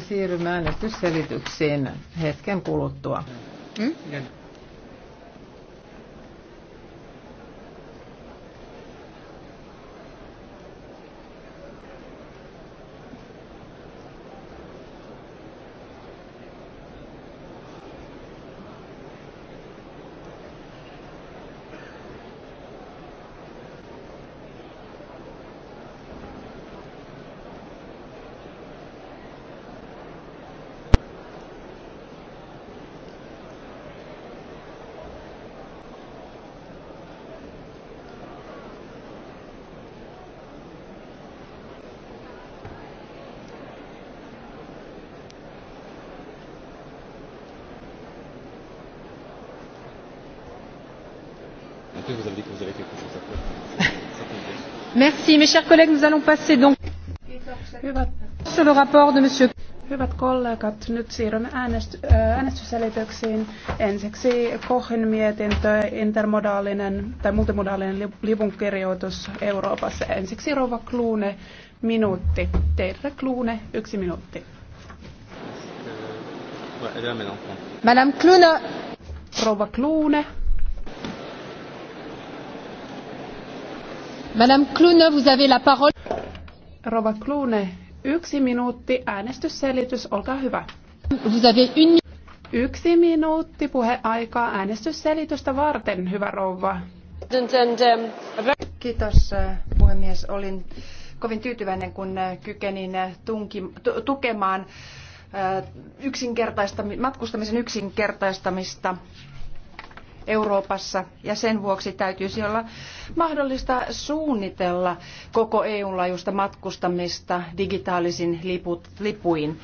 siirrymme äänestysselitykseen hetken kuluttua. Mm? Merci, mes chers collègues, nous allons passer donc Hyvät, sur le rapport de monsieur... Hyvät kollegat, nyt siirrymme äänest, äänestysselityksiin. Ensiksi Kohin mietintö, intermodaalinen tai multimodaalinen lipunkirjoitus Euroopassa. Ensiksi Rova Kluune, minuutti. Teille Kluune, yksi minuutti. Euh, Madame Kluune. Rova Kluune. Madame Clune, vous avez la parole. Rova Klune, yksi minuutti äänestysselitys, olkaa hyvä. Vous avez une... Yksi minuutti puheaikaa äänestysselitystä varten, hyvä rouva. Kiitos äh, puhemies. Olin kovin tyytyväinen, kun äh, kykenin äh, tunki, tukemaan yksinkertaistamista, matkustamisen yksinkertaistamista Euroopassa ja sen vuoksi täytyisi olla mahdollista suunnitella koko EUn laajuista matkustamista digitaalisin liput, lipuin.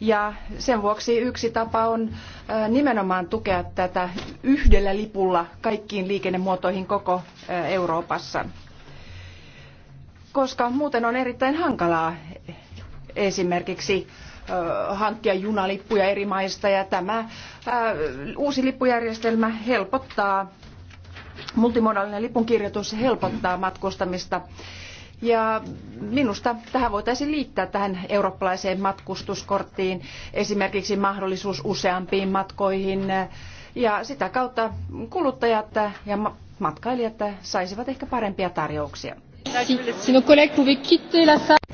Ja sen vuoksi yksi tapa on nimenomaan tukea tätä yhdellä lipulla kaikkiin liikennemuotoihin koko Euroopassa. Koska muuten on erittäin hankalaa esimerkiksi hankkia junalippuja eri maista ja tämä uusi lippujärjestelmä helpottaa, multimodaalinen lipunkirjoitus helpottaa matkustamista ja minusta tähän voitaisiin liittää tähän eurooppalaiseen matkustuskorttiin esimerkiksi mahdollisuus useampiin matkoihin ja sitä kautta kuluttajat ja matkailijat saisivat ehkä parempia tarjouksia.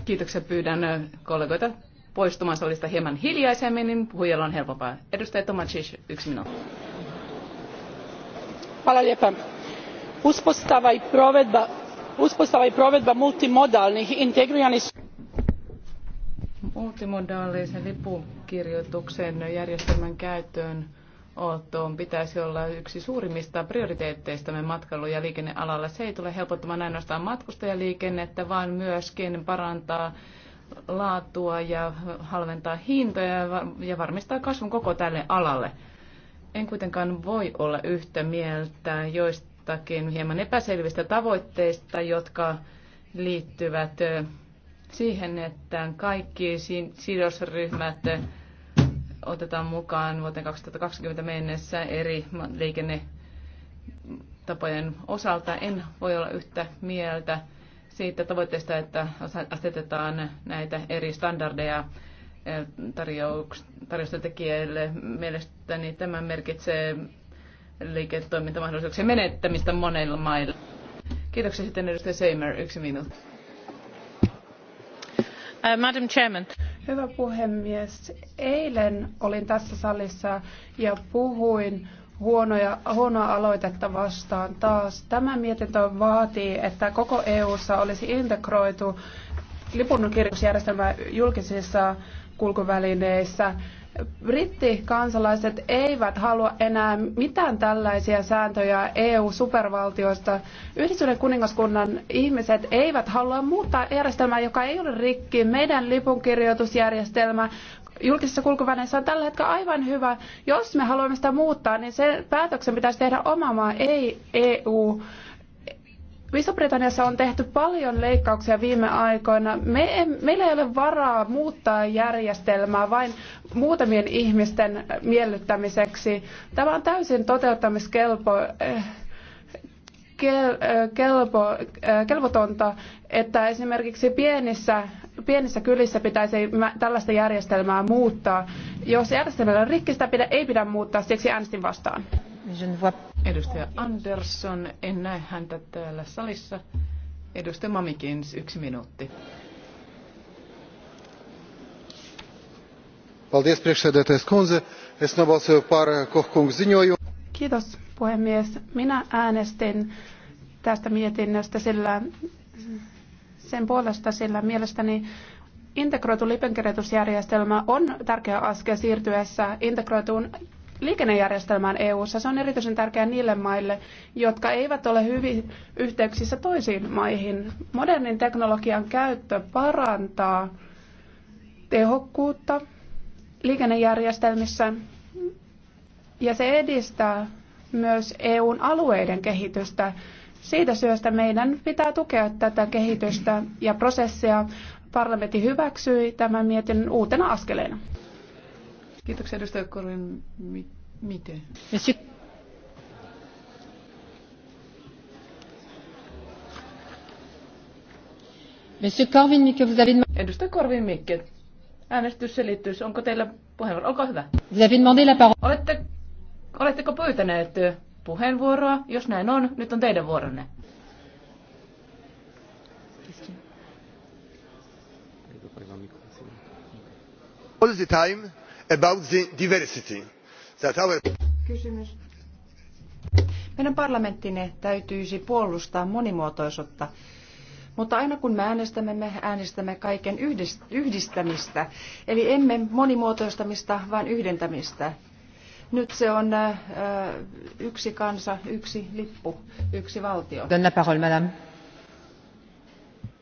Kiitoksia pyydän kollegoita poistumaan salista hieman hiljaisemmin, niin puhujalla on helpompaa. Edustaja Tomacic, yksi minuutti. Hvala lijepa. Uspostava i provedba, uspostava i provedba multimodalnih integriranih multimodaalisen lipukirjoituksen järjestelmän käyttöön ottoon pitäisi olla yksi suurimmista prioriteetteistamme matkailu- ja liikennealalla. Se ei tule helpottamaan ainoastaan matkustajaliikennettä, vaan myöskin parantaa laatua ja halventaa hintoja ja varmistaa kasvun koko tälle alalle. En kuitenkaan voi olla yhtä mieltä joistakin hieman epäselvistä tavoitteista, jotka liittyvät siihen, että kaikki sidosryhmät otetaan mukaan vuoteen 2020 mennessä eri liikennetapojen osalta. En voi olla yhtä mieltä siitä tavoitteesta, että asetetaan näitä eri standardeja eh, tekijöille. Mielestäni tämä merkitsee liiketoimintamahdollisuuksien menettämistä monilla mailla. Kiitoksia sitten edustaja Seimer, yksi minuutti. Uh, Madam Chairman. Hyvä puhemies. Eilen olin tässä salissa ja puhuin huonoja, huonoa aloitetta vastaan taas. Tämä mietintö vaatii, että koko EU:ssa olisi integroitu kirjoitusjärjestelmä julkisissa kulkuvälineissä brittikansalaiset eivät halua enää mitään tällaisia sääntöjä EU-supervaltioista. Yhdistyneen kuningaskunnan ihmiset eivät halua muuttaa järjestelmää, joka ei ole rikki. Meidän lipunkirjoitusjärjestelmä julkisessa kulkuvälineissä on tällä hetkellä aivan hyvä. Jos me haluamme sitä muuttaa, niin sen päätöksen pitäisi tehdä oma maa, ei EU. Iso-Britanniassa on tehty paljon leikkauksia viime aikoina. Me em, meillä ei ole varaa muuttaa järjestelmää vain muutamien ihmisten miellyttämiseksi. Tämä on täysin toteuttamiskelpo eh, kel, eh, kelpo, eh, kelvotonta, että esimerkiksi pienissä, pienissä kylissä pitäisi tällaista järjestelmää muuttaa. Jos järjestelmä on rikki, sitä ei pidä muuttaa, siksi äänestin vastaan. Edustaja Andersson, en näe häntä täällä salissa. Edustaja Mamikins, yksi minuutti. Kiitos puhemies. Minä äänestin tästä mietinnöstä sillä, sen puolesta, sillä mielestäni integroitu lipenkirjoitusjärjestelmä on tärkeä askel siirtyessä integroituun liikennejärjestelmään EU:ssa. Se on erityisen tärkeää niille maille, jotka eivät ole hyvin yhteyksissä toisiin maihin. Modernin teknologian käyttö parantaa tehokkuutta liikennejärjestelmissä ja se edistää myös EUn alueiden kehitystä. Siitä syystä meidän pitää tukea tätä kehitystä ja prosessia. Parlamentti hyväksyi tämän mietinnön uutena askeleena. Kiitoksia edustaja Korvin. miten? Monsieur Monsieur Corvin Mikke, vous avez Edustaja Corvin Mikke, äänestysselitys, onko teillä puheenvuoro? Olkaa hyvä. Vous avez demandé la parole. Olette, oletteko pyytäneet puheenvuoroa? Jos näin on, nyt on teidän vuoronne. All the time about the diversity that our... Kysymys. Meidän parlamenttimme täytyisi puolustaa monimuotoisuutta, mutta aina kun me äänestämme, me äänestämme kaiken yhdistämistä, eli emme monimuotoistamista, vaan yhdentämistä. Nyt se on äh, äh yksi kansa, yksi lippu, yksi valtio. parole, madame.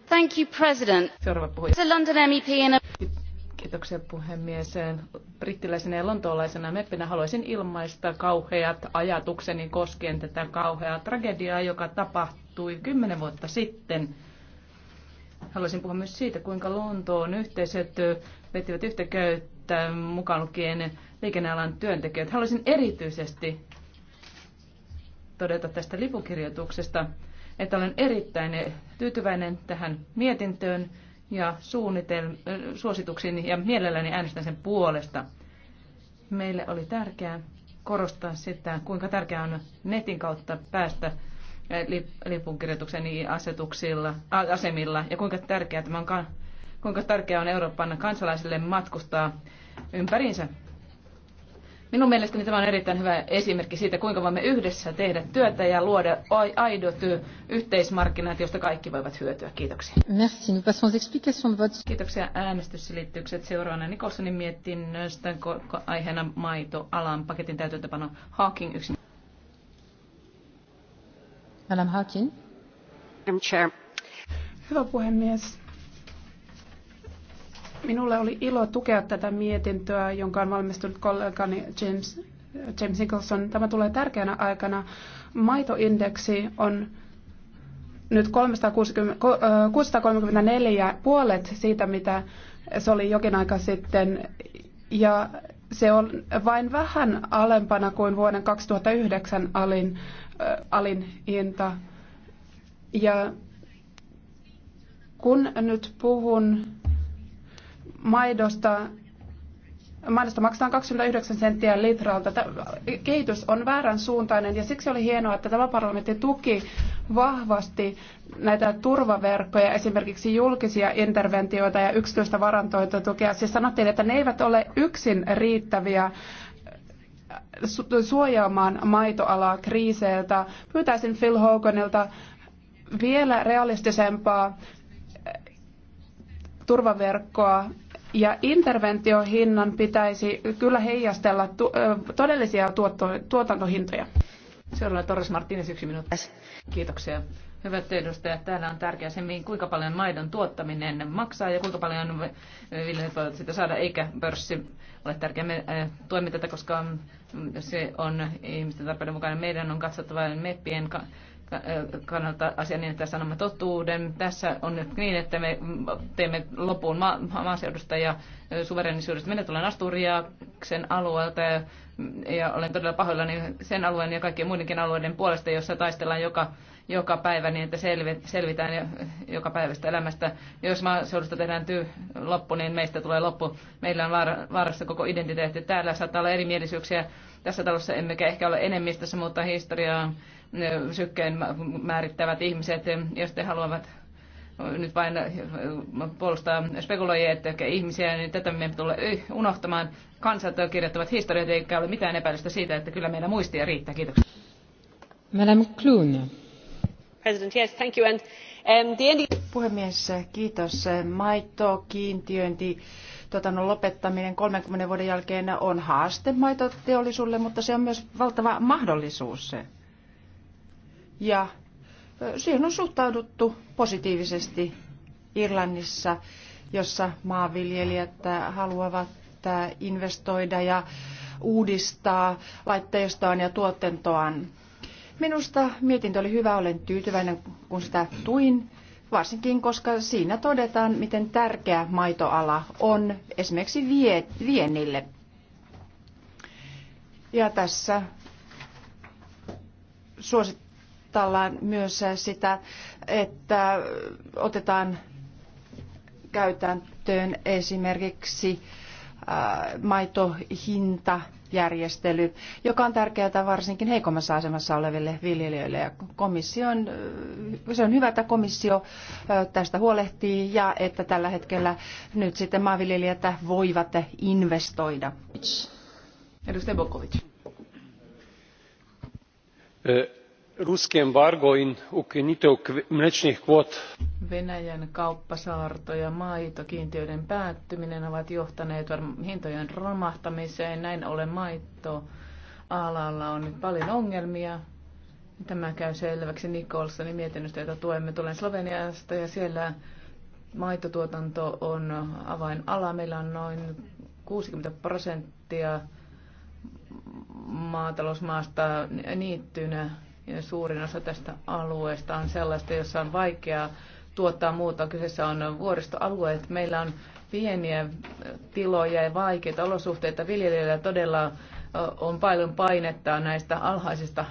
Thank you, President. Seuraava puhuja. a London MEP a Kiitoksia puhemies. Brittiläisenä ja lontoolaisena meppinä haluaisin ilmaista kauheat ajatukseni koskien tätä kauheaa tragediaa, joka tapahtui kymmenen vuotta sitten. Haluaisin puhua myös siitä, kuinka Lontoon yhteisöt vetivät yhtä köyttä mukaan lukien liikennealan työntekijät. Haluaisin erityisesti todeta tästä lipukirjoituksesta, että olen erittäin tyytyväinen tähän mietintöön ja suunnitel- suosituksiin ja mielelläni äänestän sen puolesta. Meille oli tärkeää korostaa sitä, kuinka tärkeää on netin kautta päästä eh, lipunkirjoituksen asetuksilla, asemilla ja kuinka tärkeää, tämä on, kuinka tärkeää on Euroopan kansalaisille matkustaa ympäriinsä. Minun mielestäni tämä on erittäin hyvä esimerkki siitä, kuinka voimme yhdessä tehdä työtä ja luoda aidot yhteismarkkinat, joista kaikki voivat hyötyä. Kiitoksia. Merci. Nous passons explication de vote. Kiitoksia äänestysselitykset seuraavana Nikolsonin mietinnöstä aiheena maitoalan paketin täytäntöpano Hawking yksin. Madame Hawking. Madam Chair. Hyvä puhemies. Minulle oli ilo tukea tätä mietintöä, jonka on valmistunut kollegani James, James Nicholson. Tämä tulee tärkeänä aikana. Maitoindeksi on nyt 634, puolet siitä, mitä se oli jokin aika sitten. Ja se on vain vähän alempana kuin vuoden 2009 alin, äh, alin hinta. Ja kun nyt puhun maidosta, maidosta maksetaan 29 senttiä litralta. Kehitys on väärän suuntainen ja siksi oli hienoa, että tämä parlamentti tuki vahvasti näitä turvaverkkoja, esimerkiksi julkisia interventioita ja yksityistä varantoita Siis sanottiin, että ne eivät ole yksin riittäviä äh, suojaamaan maitoalaa kriiseiltä. Pyytäisin Phil Hoganilta vielä realistisempaa äh, turvaverkkoa ja interventiohinnan pitäisi kyllä heijastella tu- todellisia tuotto- tuotantohintoja. Seuraava Torres Martínez, yksi minuutti. Kiitoksia. Hyvät edustajat, täällä on tärkeää se, kuinka paljon maidon tuottaminen maksaa ja kuinka paljon viljelijät voivat sitä saada, eikä pörssi ole tärkeä. Me tuemme tätä, koska se on ihmisten tarpeiden mukainen. Meidän on katsottava meppien kannalta asia niin, että sanomme totuuden. Tässä on nyt niin, että me teemme lopun ma- maaseudusta ja suverenisuudesta. Minä tulen Asturiaksen alueelta ja, ja olen todella pahoillani sen alueen ja kaikkien muidenkin alueiden puolesta, jossa taistellaan joka, joka päivä niin, että selvi, selvitään joka päivästä elämästä. Jos maaseudusta tehdään tyy loppu, niin meistä tulee loppu. Meillä on vaara, vaarassa koko identiteetti. Täällä saattaa olla erimielisyyksiä. Tässä talossa emmekä ehkä ole enemmistössä, mutta historiaa sykkeen määrittävät ihmiset, jos te haluavat nyt vain puolustaa spekuloijia, että ihmisiä, niin tätä me tulee unohtamaan. Kansat kirjoittavat historiat, eikä ole mitään epäilystä siitä, että kyllä meillä muistia riittää. Kiitoksia. Madame Clune. President, yes, thank you. And, um, the end... Puhemies, kiitos. Maito, kiintiöinti, tuotannon lopettaminen 30 vuoden jälkeen on haaste maitoteollisuudelle, mutta se on myös valtava mahdollisuus. Ja siihen on suhtauduttu positiivisesti Irlannissa, jossa maanviljelijät äh, haluavat äh, investoida ja uudistaa laitteistoaan ja tuotantoaan. Minusta mietintö oli hyvä, olen tyytyväinen kun sitä tuin, varsinkin koska siinä todetaan, miten tärkeä maitoala on esimerkiksi vie, viennille. Ja tässä suosittelen vastallaan myös sitä, että otetaan käytäntöön esimerkiksi maitohintajärjestely, joka on tärkeää varsinkin heikommassa asemassa oleville viljelijöille. Ja komission, se on hyvä, että komissio tästä huolehtii ja että tällä hetkellä nyt sitten maanviljelijät voivat investoida. Edustaja Bokovic ruski embargo in ukinitev mlečnih kvot. Venäjän kauppasaarto ja maitokiintiöiden päättyminen ovat johtaneet hintojen romahtamiseen. Näin ollen maitto alalla on nyt paljon ongelmia. Tämä käy selväksi Nikolsonin mietinnöstä, jota tuemme. Tulen Sloveniasta ja siellä maitotuotanto on avainala. Meillä on noin 60 prosenttia maatalousmaasta niittynä Suurin osa tästä alueesta on sellaista, jossa on vaikeaa tuottaa muuta. Kyseessä on vuoristoalueet. Meillä on pieniä tiloja ja vaikeita olosuhteita. Viljelijöillä todella on paljon painetta näistä alhaisista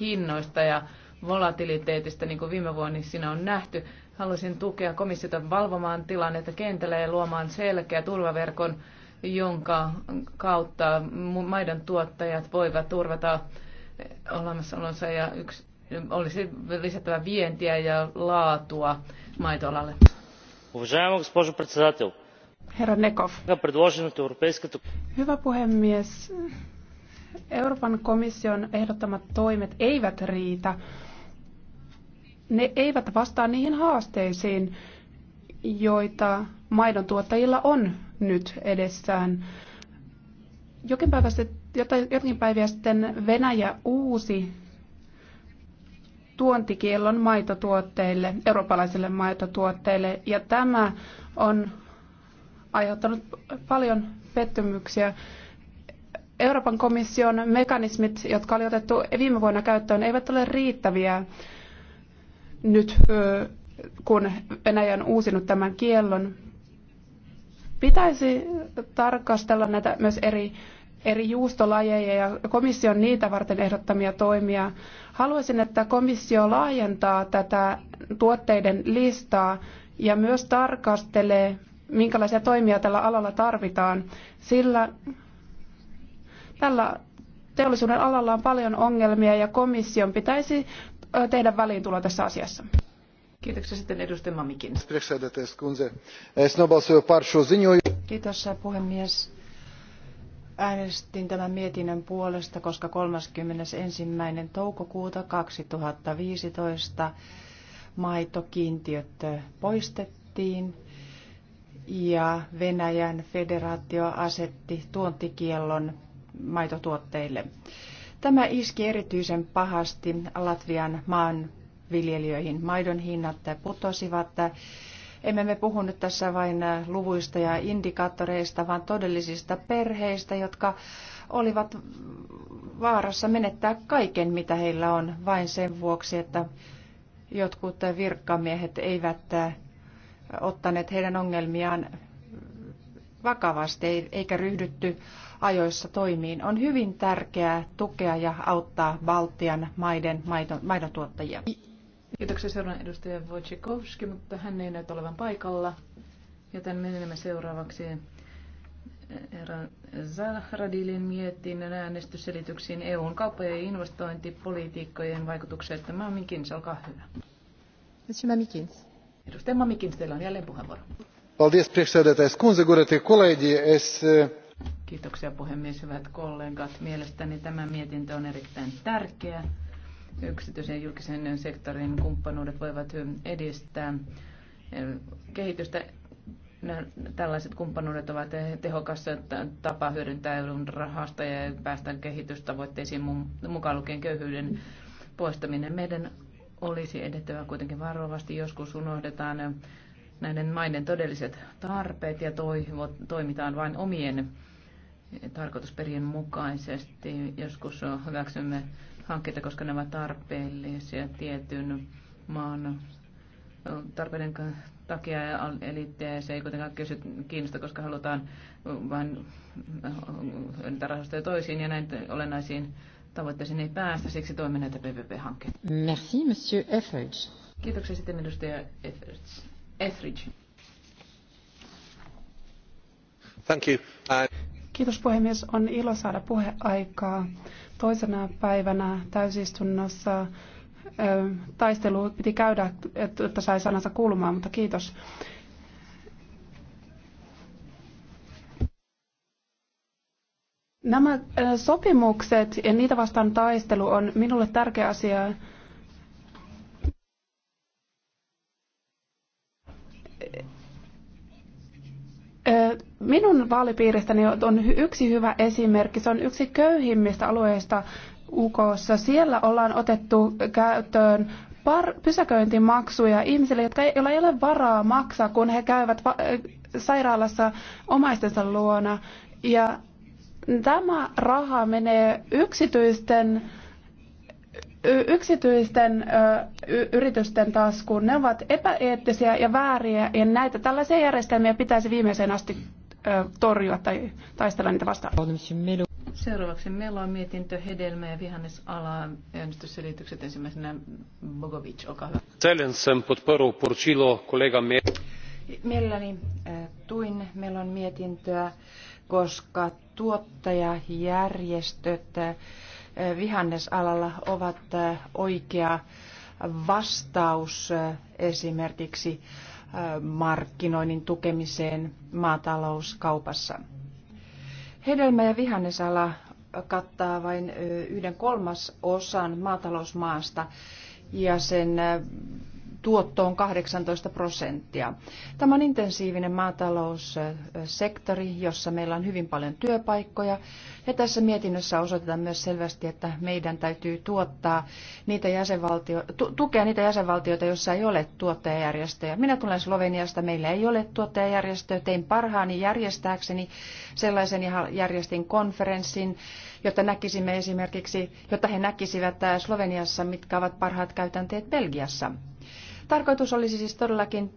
hinnoista ja volatiliteetista, niin kuin viime vuonna siinä on nähty. Haluaisin tukea komissiota valvomaan tilannetta kentällä ja luomaan selkeä turvaverkon, jonka kautta maidon tuottajat voivat turvata olemassaolonsa ja yksi, olisi lisättävä vientiä ja laatua maitoalalle. Herra Nekov. Hyvä puhemies. Euroopan komission ehdottamat toimet eivät riitä. Ne eivät vastaa niihin haasteisiin, joita maidon tuottajilla on nyt edessään. Jokin päivä sitten Jotakin päiviä sitten Venäjä uusi tuontikiellon maitotuotteille, eurooppalaisille maitotuotteille, ja tämä on aiheuttanut paljon pettymyksiä. Euroopan komission mekanismit, jotka oli otettu viime vuonna käyttöön, eivät ole riittäviä nyt, kun Venäjä on uusinut tämän kiellon. Pitäisi tarkastella näitä myös eri eri juustolajeja ja komission niitä varten ehdottamia toimia. Haluaisin, että komissio laajentaa tätä tuotteiden listaa ja myös tarkastelee, minkälaisia toimia tällä alalla tarvitaan, sillä tällä teollisuuden alalla on paljon ongelmia ja komission pitäisi tehdä väliintulo tässä asiassa. Kiitoksia sitten edustaja Mamikin. Kiitos puhemies Äänestin tämän mietinnön puolesta, koska 31. toukokuuta 2015 maitokiintiöt poistettiin ja Venäjän federaatio asetti tuontikiellon maitotuotteille. Tämä iski erityisen pahasti Latvian maanviljelijöihin. Maidon hinnat putosivat emme me puhu nyt tässä vain äh, luvuista ja indikaattoreista, vaan todellisista perheistä, jotka olivat vaarassa menettää kaiken, mitä heillä on, vain sen vuoksi, että jotkut virkkamiehet eivät äh, ottaneet heidän ongelmiaan vakavasti eikä ryhdytty ajoissa toimiin. On hyvin tärkeää tukea ja auttaa Baltian maiden maidon, maidontuottajia. Kiitoksia seuraavan edustaja Wojciechowski, mutta hän ei näytä olevan paikalla. Joten menemme seuraavaksi eh, herra Zahradilin mietinnön äänestysselityksiin EUn kauppa- ja investointipolitiikkojen vaikutukset. Tämä Mikins, olkaa hyvä. mä mikins? Edustaja Mamikins, teillä on jälleen puheenvuoro. es... Eh, Kiitoksia puhemies, hyvät kollegat. Mielestäni tämä mietintö on erittäin tärkeä yksityisen ja julkisen sektorin kumppanuudet voivat edistää kehitystä. Tällaiset kumppanuudet ovat tehokas tapa hyödyntää EUn rahasta ja päästä kehitystavoitteisiin mukaan lukien köyhyyden poistaminen. Meidän olisi edettävä kuitenkin varovasti. Joskus unohdetaan näiden maiden todelliset tarpeet ja toivot, toimitaan vain omien tarkoitusperien mukaisesti. Joskus hyväksymme hankkeita, koska ne ovat tarpeellisia tietyn maan tarpeiden takia, eli se ei kuitenkaan kysy, kiinnosta, koska halutaan vain rahastoja toisiin ja näin olennaisiin tavoitteisiin ei päästä, siksi toimme näitä PPP-hankkeita. Merci, monsieur Effridge. Kiitoksia sitten edustaja Effridge. Thank you. Uh... Kiitos puhemies. On ilo saada puheaikaa. Toisena päivänä täysistunnossa taistelu piti käydä, että sai sanansa kuulumaan, mutta kiitos. Nämä sopimukset ja niitä vastaan taistelu on minulle tärkeä asia. Minun vaalipiiristäni on yksi hyvä esimerkki. Se on yksi köyhimmistä alueista UKssa. Siellä ollaan otettu käyttöön par- pysäköintimaksuja ihmisille, jotka ei, joilla ei ole varaa maksaa, kun he käyvät va- sairaalassa omaistensa luona. Ja tämä raha menee yksityisten yksityisten yritysten taskuun. Ne ovat epäeettisiä ja vääriä ja näitä tällaisia järjestelmiä pitäisi viimeiseen asti torjua tai taistella niitä vastaan. Seuraavaksi meillä on mietintö hedelmä- ja vihannesala äänestysselitykset ensimmäisenä Bogovic, olkaa hyvä. Celensen podporu porcilo kollega Mielelläni tuin Melon mietintöä, koska tuottajajärjestöt vihannesalalla ovat oikea vastaus esimerkiksi markkinoinnin tukemiseen maatalouskaupassa. Hedelmä- ja vihannesala kattaa vain yhden kolmas osan maatalousmaasta ja sen tuotto on 18 prosenttia. Tämä on intensiivinen maataloussektori, jossa meillä on hyvin paljon työpaikkoja. Ja tässä mietinnössä osoitetaan myös selvästi, että meidän täytyy tuottaa niitä jäsenvaltio, tu, tukea niitä jäsenvaltioita, joissa ei ole tuottajajärjestöjä. Minä tulen Sloveniasta, meillä ei ole tuottajajärjestöjä. Tein parhaani järjestääkseni sellaisen ja järjestin konferenssin, jotta näkisimme esimerkiksi, jotta he näkisivät Sloveniassa, mitkä ovat parhaat käytänteet Belgiassa. Tarkoitus olisi siis todellakin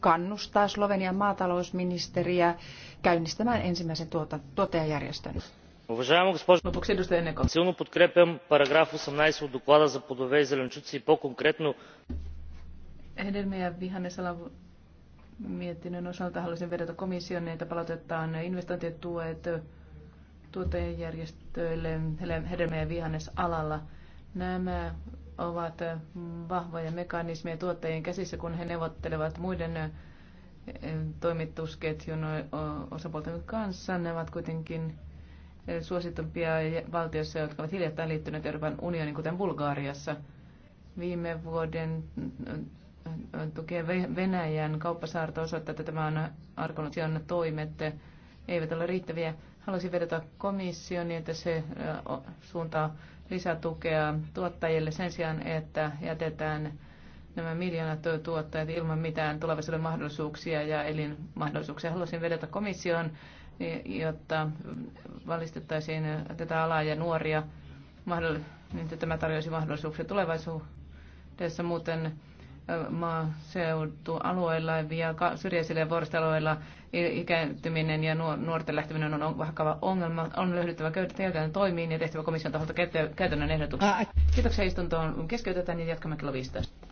kannustaa Slovenian maatalousministeriä käynnistämään ensimmäisen tuota, tuottajajärjestön. Уважаема госпожо председател, силно подкрепям параграф 18 от доклада за плодове и зеленчуци и по-конкретно... Hedelmä- ja vihannesalan mietinnön osalta haluaisin vedota komission, että palautetaan investointituet tuottajajärjestöille hedelmä- ja vihannesalalla. Nämä ovat vahvoja mekanismeja tuottajien käsissä, kun he neuvottelevat muiden toimitusketjun osapuolten kanssa. Ne ovat kuitenkin suositumpia valtioissa, jotka ovat hiljattain liittyneet Euroopan unioniin, kuten Bulgaariassa. Viime vuoden tukea Venäjän kauppasaarto osoittaa, että tämä on arkonotion toimet eivät ole riittäviä. Haluaisin vedota komissioon, niin että se suuntaa lisätukea tuottajille sen sijaan, että jätetään nämä miljoonat tuottajat ilman mitään tulevaisuuden mahdollisuuksia ja elinmahdollisuuksia. Haluaisin vedota komissioon, jotta valistettaisiin tätä alaa ja nuoria, niin että tämä tarjoaisi mahdollisuuksia tulevaisuudessa. Muuten maaseutualueilla ja syrjäisillä ja vuoristoalueilla ikääntyminen ja nuorten lähteminen on vakava ongelma. On löydettävä käytännön toimiin ja tehtävä komission taholta käytännön ehdotuksia. Kiitoksia istuntoon. Keskeytetään ja jatkamme kello 15.